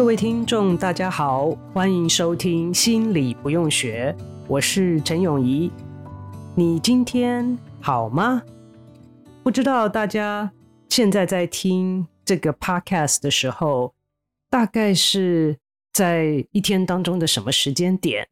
各位聽眾，大家好，歡迎收聽《心理不用學》，我是陳永怡。你今天好嗎？不知道大家現在在聽這個 podcast 的時候，大概是在一天當中的什麼時間點，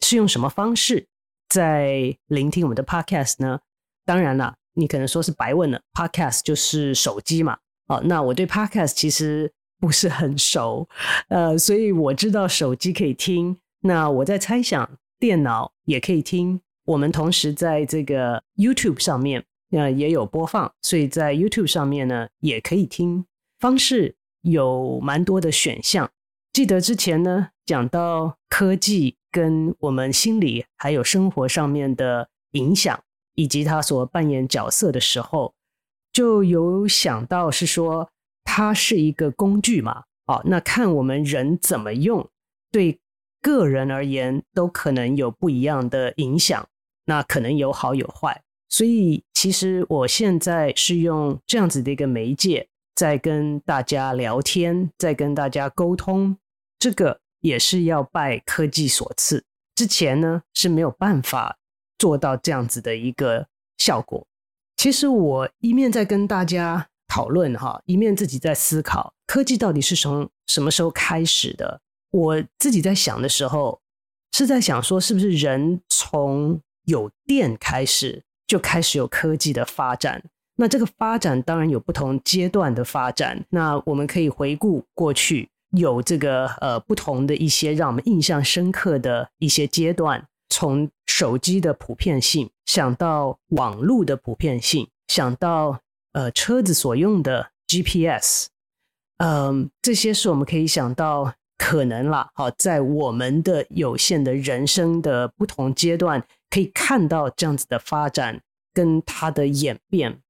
是用什麼方式在聆聽我們的 podcast 呢？當然了，你可能說是白問了，podcast 就是手機嘛。哦、啊，那我對 podcast 其實。不是很熟，呃，所以我知道手機可以聽，那我在猜想電腦也可以聽。我們同時在這個 YouTube 上面啊，呃，也有播放，所以在 YouTube 上面呢也可以聽。方式有蠻多的選項。記得之前呢講到科技跟我們心理還有生活上面的影響，以及他所扮演角色的時候，就有想到是說。它是一個工具嘛，哦，那看我們人怎麼用，對個人而言都可能有不一樣的影響，那可能有好有壞。所以，其實我現在是用這樣子的一個媒介，在跟大家聊天，在跟大家溝通，這個也是要拜科技所賜。之前呢是沒有辦法做到這樣子的一個效果。其實我一面在跟大家。討論哈，一面自己在思考科技到底是從什麼時候開始的。我自己在想的時候，是在想說，是不是人從有電開始就開始有科技的發展？那這個發展當然有不同階段的發展。那我們可以回顧過去有這個呃不同的一些讓我們印象深刻的一些階段，從手機的普遍性想到網絡的普遍性，想到。呃，車子所用的 GPS，嗯、呃，這些是我們可以想到可能啦，好、哦，在我們的有限的人生的不同階段，可以看到這樣子的發展跟它的演變。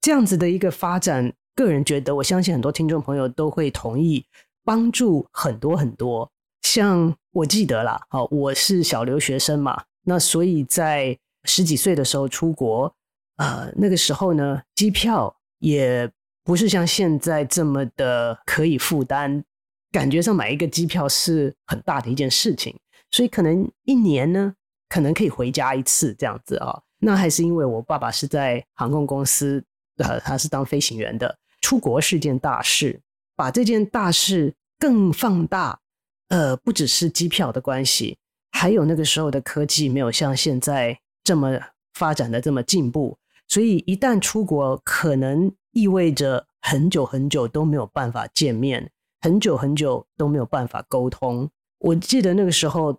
這樣子的一個發展，個人覺得，我相信很多聽眾朋友都會同意，幫助很多很多。像我記得啦，好、哦，我是小留學生嘛，那所以在十幾歲的時候出國。呃，那個時候呢，機票也不是像現在這麼的可以負擔，感覺上買一個機票是很大的一件事情，所以可能一年呢，可能可以回家一次這樣子啊、哦。那還是因為我爸爸是在航空公司，呃，他是當飛行員的，出國是件大事，把這件大事更放大，呃，不只是機票的關係，還有那個時候的科技沒有像現在這麼發展的這麼進步。所以，一旦出國，可能意味着很久很久都沒有辦法見面，很久很久都沒有辦法溝通。我記得那個時候，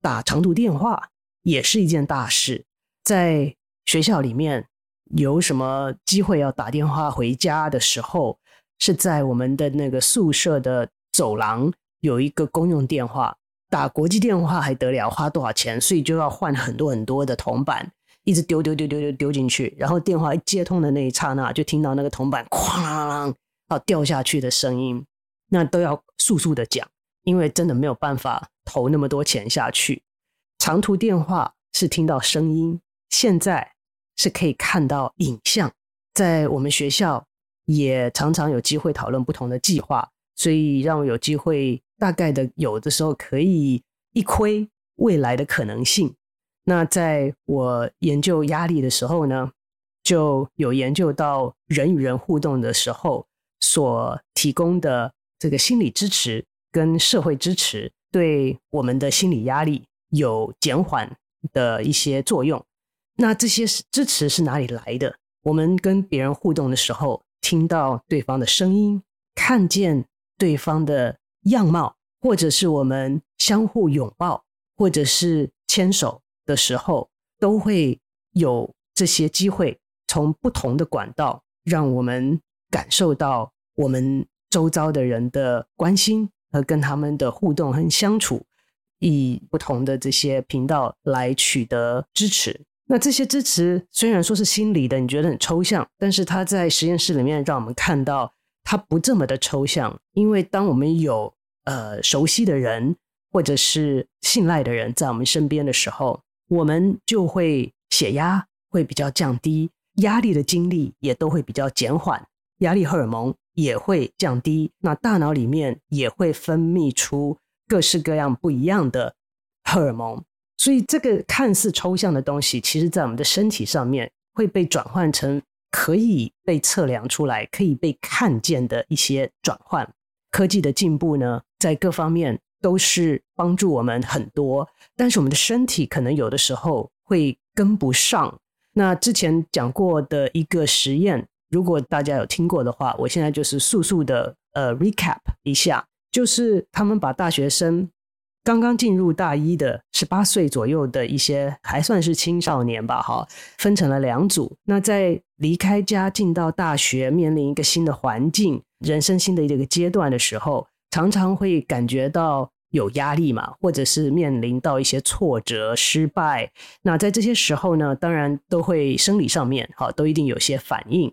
打長途電話也是一件大事。在學校裡面有什麼機會要打電話回家的時候，是在我們的那個宿舍的走廊有一個公用電話，打國際電話還得了，花多少錢？所以就要換很多很多的銅板。一直丟丟，丟丟丟丟丟丟進去，然後電話一接通的那一剎那就聽到那個銅板哐啷啷啊，掉下去的聲音，那都要速速的講，因為真的沒有辦法投那麼多錢下去。長途電話是聽到聲音，現在是可以看到影像。在我們學校也常常有機會討論不同的計劃，所以讓我有機會大概的有的時候可以一窺未來的可能性。那在我研究壓力的時候呢，就有研究到人與人互動的時候所提供的這個心理支持跟社會支持，對我們的心理壓力有減緩的一些作用。那這些支持是哪裡來的？我們跟別人互動的時候，聽到對方的聲音，看見對方的樣貌，或者是我們相互擁抱，或者是牽手。的時候，都會有這些機會，從不同的管道讓我們感受到我們周遭的人的關心和跟他們的互動和相處，以不同的這些頻道來取得支持。那這些支持雖然說是心理的，你覺得很抽象，但是它在實驗室裡面讓我們看到，它不這麼的抽象，因為當我們有呃熟悉的人或者是信賴的人在我們身邊的時候。我們就會血壓會比較降低，壓力的經歷也都會比較減緩，壓力荷爾蒙也會降低，那大腦裡面也會分泌出各式各樣不一樣的荷爾蒙。所以這個看似抽象的東西，其實在我們的身體上面會被轉換成可以被測量出來、可以被看見的一些轉換。科技的進步呢，在各方面都是。幫助我們很多，但是我們的身體可能有的時候會跟不上。那之前講過的一個實驗，如果大家有聽過的話，我現在就是速速的呃 recap 一下，就是他們把大學生剛剛進入大一的十八歲左右的一些還算是青少年吧，哈，分成了兩組。那在離開家進到大學，面臨一個新的環境、人生新的一個階段的時候，常常會感覺到有壓力嘛，或者是面臨到一些挫折、失敗，那在這些時候呢，當然都會生理上面，哈，都一定有些反應。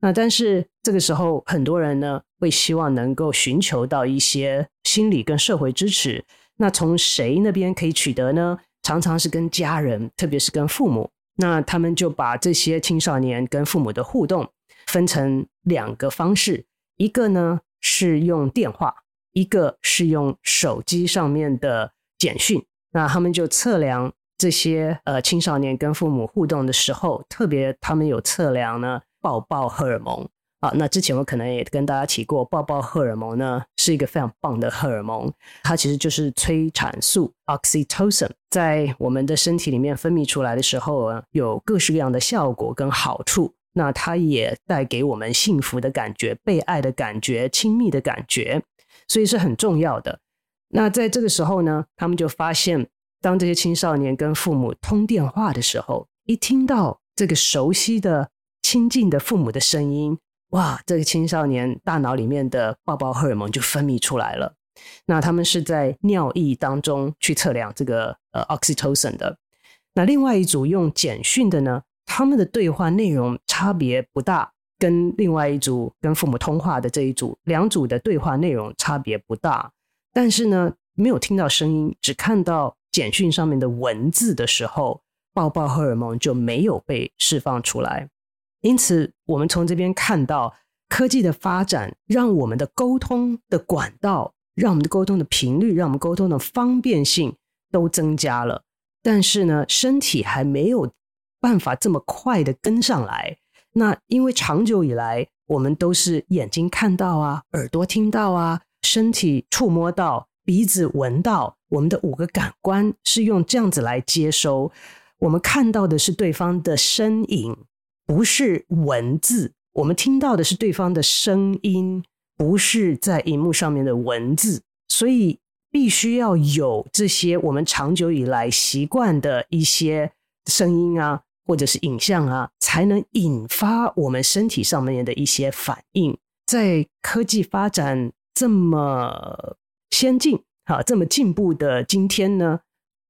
那但是這個時候，很多人呢會希望能夠尋求到一些心理跟社會支持。那從誰那邊可以取得呢？常常是跟家人，特別是跟父母。那他們就把這些青少年跟父母的互動分成兩個方式，一個呢是用電話。一個是用手機上面的簡訊，那他們就測量這些呃青少年跟父母互動的時候，特別他們有測量呢抱抱荷爾蒙啊。那之前我可能也跟大家提過，抱抱荷爾蒙呢是一個非常棒的荷爾蒙，它其實就是催產素 （oxytocin）。在我們的身體裡面分泌出來的時候有各式各樣的效果跟好處。那它也帶給我們幸福的感覺、被愛的感覺、親密的感覺。所以是很重要的。那在這個時候呢，他們就發現，當這些青少年跟父母通電話的時候，一聽到這個熟悉的、親近的父母的聲音，哇，這個青少年大腦裡面的抱抱荷爾蒙就分泌出來了。那他們是在尿液當中去測量這個呃 oxytocin 的。那另外一組用簡訊的呢，他們的對話內容差別不大。跟另外一組跟父母通話的這一組，兩組的對話內容差別不大，但是呢，沒有聽到聲音，只看到簡訊上面的文字的時候，抱抱荷爾蒙就沒有被釋放出來。因此，我們從這邊看到，科技的發展讓我們的溝通的管道、讓我們的溝通的頻率、讓我們溝通的方便性都增加了，但是呢，身體還沒有辦法這麼快的跟上來。那因為長久以來，我們都是眼睛看到啊，耳朵聽到啊，身體觸摸到，鼻子聞到，我們的五個感官是用這樣子來接收。我們看到的是對方的身影，不是文字；我們聽到的是對方的聲音，不是在螢幕上面的文字。所以必須要有這些我們長久以來習慣的一些聲音啊。或者是影像啊，才能引發我們身體上面的一些反應。在科技發展這麼先進、啊、這麼進步的今天呢，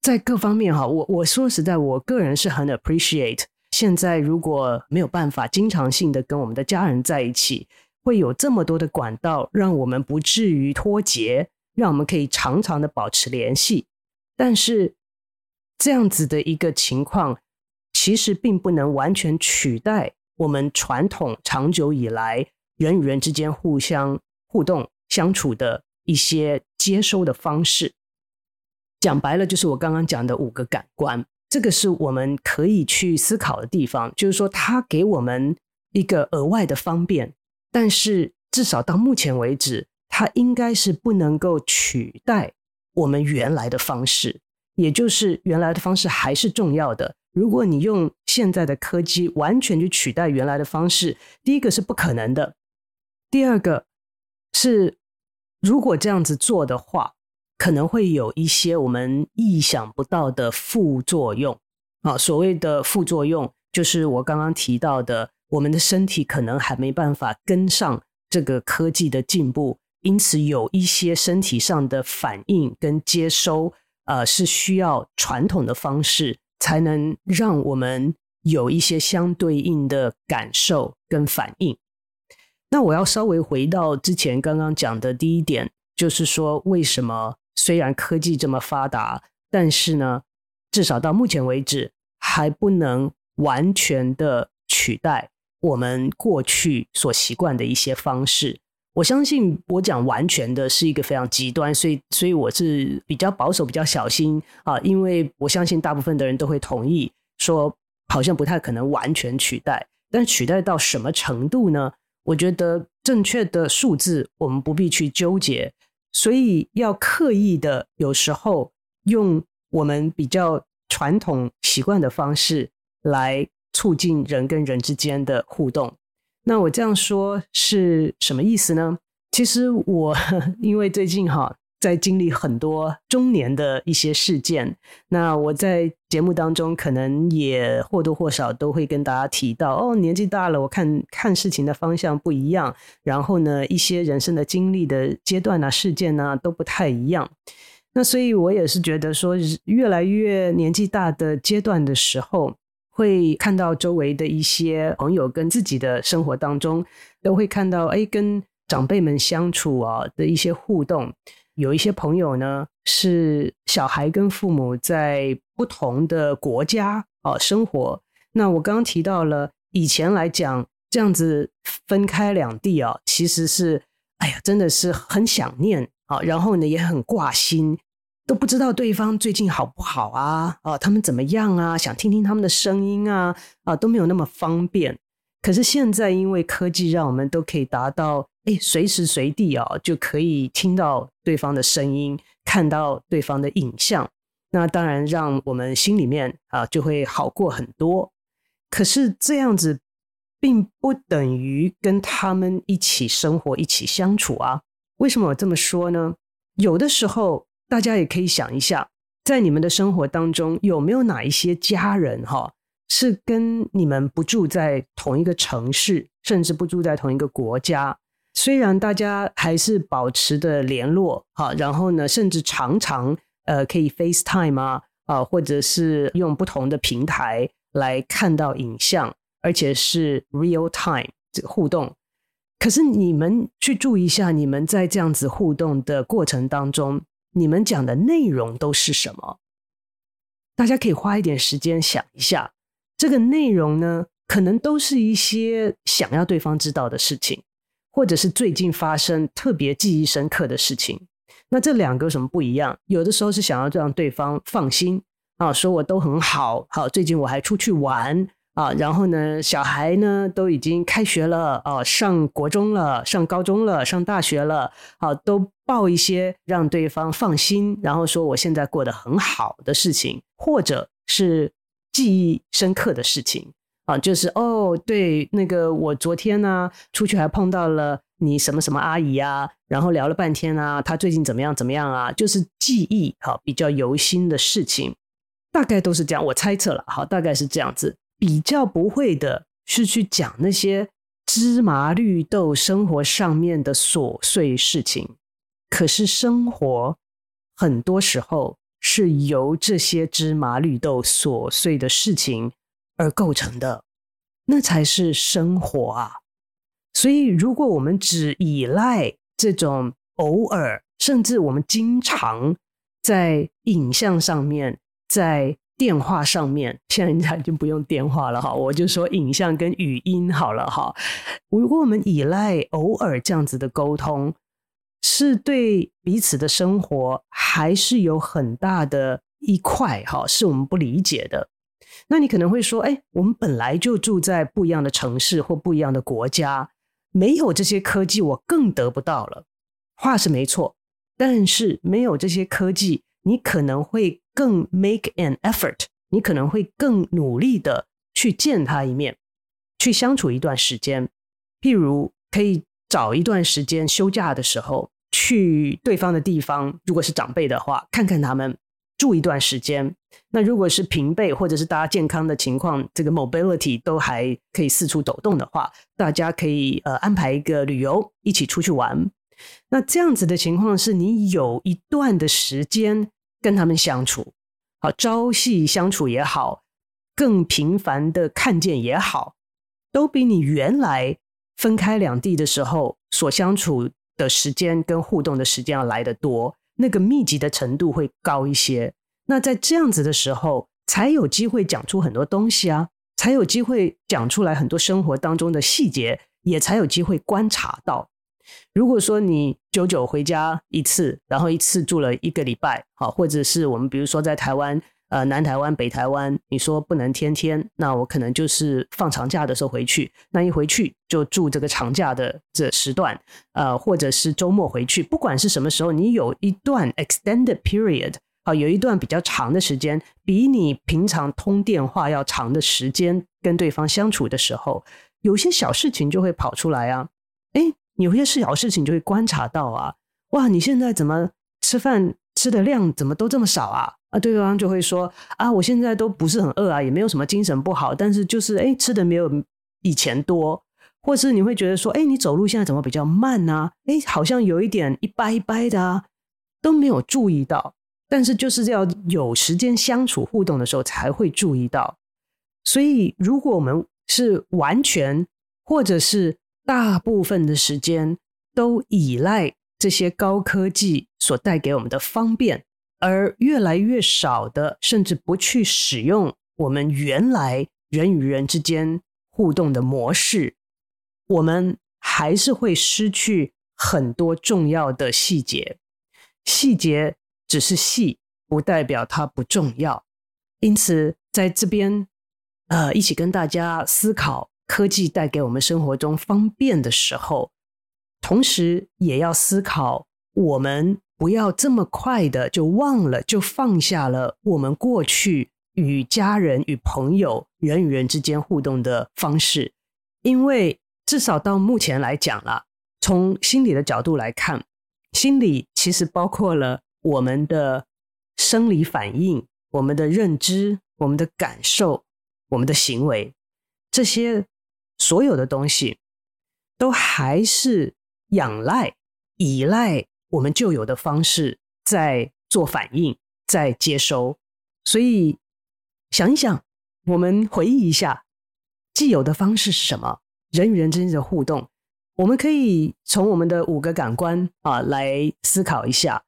在各方面，我我說實在，我個人是很 appreciate。現在如果沒有辦法經常性的跟我們的家人在一起，會有這麼多的管道，讓我們不至於脫節，讓我們可以常常的保持聯繫。但是這樣子的一個情況。其實並不能完全取代我們傳統長久以來人與人之間互相互動相處的一些接收的方式。講白了，就是我剛剛講的五個感官，這個是我們可以去思考的地方。就是說，它給我們一個額外的方便，但是至少到目前為止，它應該是不能夠取代我們原來的方式，也就是原來的方式還是重要的。如果你用現在的科技完全去取代原來的方式，第一個是不可能的；第二個是，如果這樣子做的話，可能會有一些我們意想不到的副作用。啊，所謂的副作用就是我剛剛提到的，我們的身體可能還沒辦法跟上這個科技的進步，因此有一些身體上的反應跟接收，呃，是需要傳統的方式。才能讓我們有一些相對應的感受跟反應。那我要稍微回到之前剛剛講的第一點，就是說，為什麼雖然科技這麼發達，但是呢，至少到目前為止，還不能完全的取代我們過去所習慣的一些方式。我相信我講完全的是一個非常極端，所以所以我是比較保守，比較小心啊，因為我相信大部分的人都會同意說，好像不太可能完全取代，但取代到什麼程度呢？我覺得正確的數字我們不必去糾結，所以要刻意的，有時候用我們比較傳統習慣的方式來促進人跟人之間的互動。那我這樣說是什麼意思呢？其實我呵因為最近哈在經歷很多中年的一些事件，那我在節目當中可能也或多或少都會跟大家提到哦，年紀大了，我看看事情的方向不一樣，然後呢，一些人生的經歷的階段啊、事件呢、啊、都不太一樣。那所以我也是覺得說，越來越年紀大的階段的時候，會看到周圍的一些朋友跟自己的生活當中，都會看到，哎，跟長輩們相處啊的一些互動。有一些朋友呢是小孩跟父母在不同的國家啊生活。那我剛剛提到了以前來講，這樣子分開兩地啊，其實是哎呀，真的是很想念啊，然後呢也很掛心。都不知道對方最近好不好啊？啊，他們怎麼樣啊？想聽聽他們的聲音啊？啊，都沒有那麼方便。可是現在因為科技，讓我們都可以達到哎，隨時隨地啊，就可以聽到對方的聲音，看到對方的影像。那當然讓我們心裡面啊就會好過很多。可是這樣子並不等於跟他們一起生活、一起相處啊。為什麼我這麼說呢？有的時候。大家也可以想一下，在你們的生活當中，有沒有哪一些家人哈，是跟你們不住在同一個城市，甚至不住在同一個國家？雖然大家還是保持的聯絡哈，然後呢，甚至常常呃可以 FaceTime 啊啊，或者是用不同的平台來看到影像，而且是 real time 這個互動。可是你們去注意一下，你們在這樣子互動的過程當中。你們講的內容都是什麼？大家可以花一點時間想一下。這個內容呢，可能都是一些想要對方知道的事情，或者是最近發生特別記憶深刻的事情。那這兩個有什麼不一樣？有的時候是想要讓對方放心啊，說我都很好，好，最近我還出去玩。啊，然後呢，小孩呢都已經開學了，哦、啊，上國中了，上高中了，上大學了，好、啊，都報一些讓對方放心，然後說我現在過得很好的事情，或者是記憶深刻的事情，啊，就是哦，對，那個我昨天呢、啊、出去還碰到了你什麼什麼阿姨啊，然後聊了半天啊，她最近怎麼樣怎麼樣啊，就是記憶好、啊、比較猶新的事情，大概都是這樣，我猜測了，好，大概是這樣子。比較不會的是去講那些芝麻綠豆生活上面的瑣碎事情，可是生活很多時候是由這些芝麻綠豆瑣碎的事情而構成的，那才是生活啊！所以，如果我們只依賴這種偶爾，甚至我們經常在影像上面，在電話上面，現在已經不用電話了哈，我就說影像跟語音好了哈。如果我們依賴偶爾這樣子的溝通，是對彼此的生活還是有很大的一塊哈，是我們不理解的。那你可能會說，哎，我們本來就住在不一樣的城市或不一樣的國家，沒有這些科技，我更得不到了。話是沒錯，但是沒有這些科技。你可能會更 make an effort，你可能會更努力的去見他一面，去相處一段時間。譬如可以找一段時間休假的時候去對方的地方，如果是長輩的話，看看他們住一段時間。那如果是平輩或者是大家健康的情況，這個 mobility 都還可以四處走動的話，大家可以呃安排一個旅遊，一起出去玩。那這樣子的情況是你有一段的時間跟他們相處，好朝夕相處也好，更頻繁的看見也好，都比你原來分開兩地的時候所相處的時間跟互動的時間要來得多，那個密集的程度會高一些。那在這樣子的時候，才有機會講出很多東西啊，才有機會講出來很多生活當中的細節，也才有機會觀察到。如果說你久久回家一次，然後一次住了一個禮拜，好，或者是我們比如說在台灣，呃，南台灣、北台灣，你說不能天天，那我可能就是放長假的時候回去，那一回去就住這個長假的這時段，呃，或者是周末回去，不管是什麼時候，你有一段 extended period 好，有一段比較長的時間，比你平常通電話要長的時間跟對方相處的時候，有些小事情就會跑出來啊。有些事小事情，就會觀察到啊，哇，你現在怎麼吃飯吃的量怎麼都這麼少啊？啊，對方就會說啊，我現在都不是很餓啊，也沒有什麼精神不好，但是就是，哎，吃的沒有以前多，或是你會覺得說，哎，你走路現在怎麼比較慢啊？哎，好像有一點一掰一掰的啊，都沒有注意到，但是就是要有時間相處互動的時候才會注意到。所以，如果我們是完全或者是大部分的時間都依賴這些高科技所帶給我們的方便，而越來越少的，甚至不去使用我們原來人與人之間互動的模式，我們還是會失去很多重要的細節。細節只是細，不代表它不重要。因此，在這邊，呃，一起跟大家思考，科技帶給我們生活中方便的時候，同時也要思考，我們不要這麼快的就忘了，就放下了我們過去與家人、與朋友、人與人之間互動的方式，因為至少到目前來講啦，從心理的角度來看，心理其實包括了我們的生理反應、我們的認知、我們的感受、我們的行為這些。所有的東西都還是仰賴、依賴我們舊有的方式在做反應、在接收。所以想一想，我們回憶一下既有的方式是什麼？人與人之間的互動，我們可以從我們的五個感官啊來思考一下：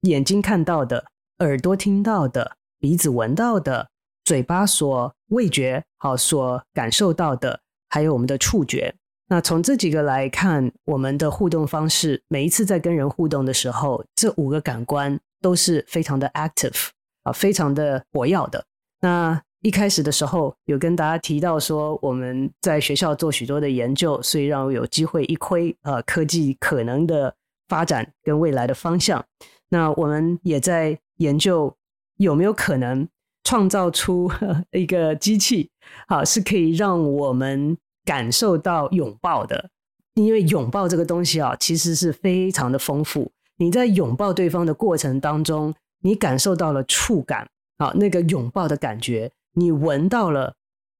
眼睛看到的，耳朵聽到的，鼻子聞到的，嘴巴所味覺好所感受到的。還有我們的觸覺，那從這幾個來看，我們的互動方式，每一次在跟人互動的時候，這五個感官都是非常的 active 啊、呃，非常的活躍的。那一開始的時候，有跟大家提到說，我們在學校做許多的研究，所以讓我有機會一窺啊、呃，科技可能的發展跟未來的方向。那我們也在研究有沒有可能，創造出一個機器，好，是可以讓我們感受到擁抱的。因為擁抱這個東西啊，其實是非常的豐富。你在擁抱對方的過程當中，你感受到了觸感，啊，那個擁抱的感覺，你聞到了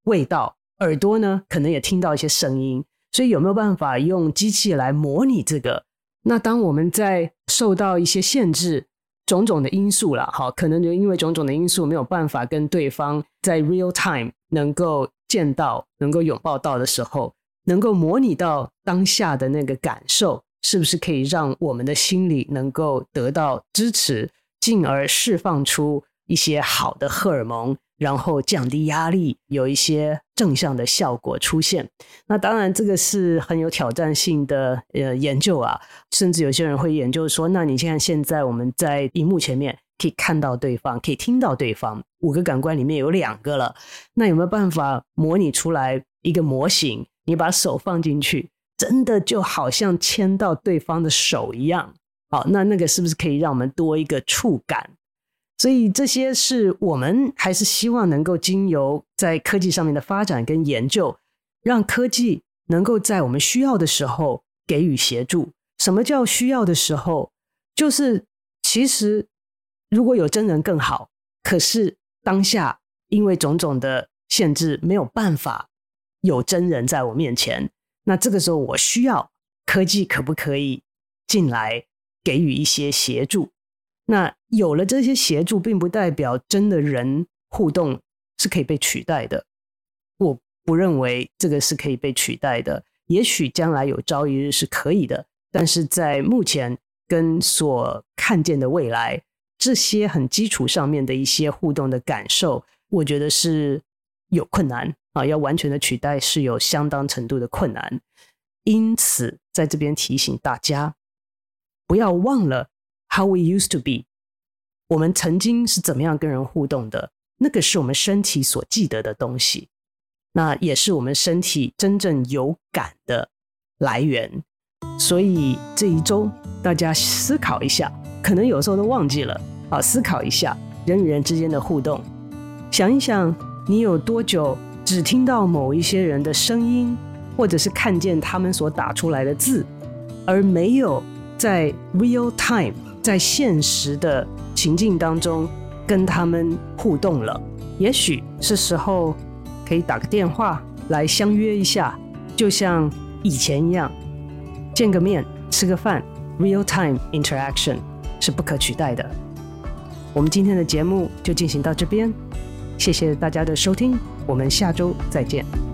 味道，耳朵呢，可能也聽到一些聲音。所以有沒有辦法用機器來模擬這個？那當我們在受到一些限制，種種的因素啦，好，可能就因為種種的因素，沒有辦法跟對方在 real time 能夠見到，能夠擁抱到的時候，能夠模擬到當下的那個感受，是不是可以讓我們的心理能夠得到支持，進而釋放出？一些好的荷爾蒙，然後降低壓力，有一些正向的效果出現。那當然，這個是很有挑戰性的呃研究啊。甚至有些人會研究說，那你像現,現在我們在熒幕前面可以看到對方，可以聽到對方，五個感官裡面有兩個了，那有沒有辦法模擬出來一個模型？你把手放進去，真的就好像牽到對方的手一樣。好，那那個是不是可以讓我們多一個觸感？所以這些是我們還是希望能夠經由在科技上面的發展跟研究，讓科技能夠在我們需要的時候給予協助。什麼叫需要的時候？就是其實如果有真人更好，可是當下因為種種的限制沒有辦法有真人在我面前，那這個時候我需要科技，可不可以進來給予一些協助？那。有了這些協助，並不代表真的人互動是可以被取代的。我不認為這個是可以被取代的。也許將來有朝一日是可以的，但是在目前跟所看見的未來，這些很基礎上面的一些互動的感受，我覺得是有困難啊，要完全的取代是有相當程度的困難。因此，在這邊提醒大家，不要忘了 how we used to be。我們曾經是怎麼樣跟人互動的？那個是我們身體所記得的東西，那也是我們身體真正有感的來源。所以這一周大家思考一下，可能有時候都忘記了，好，思考一下人與人之間的互動，想一想你有多久只聽到某一些人的聲音，或者是看見他們所打出來的字，而沒有在 real time，在現實的。情境當中跟他們互動了，也許是時候可以打個電話來相約一下，就像以前一樣見個面吃個飯。Real time interaction 是不可取代的。我們今天的節目就進行到這邊，謝謝大家的收聽，我們下週再見。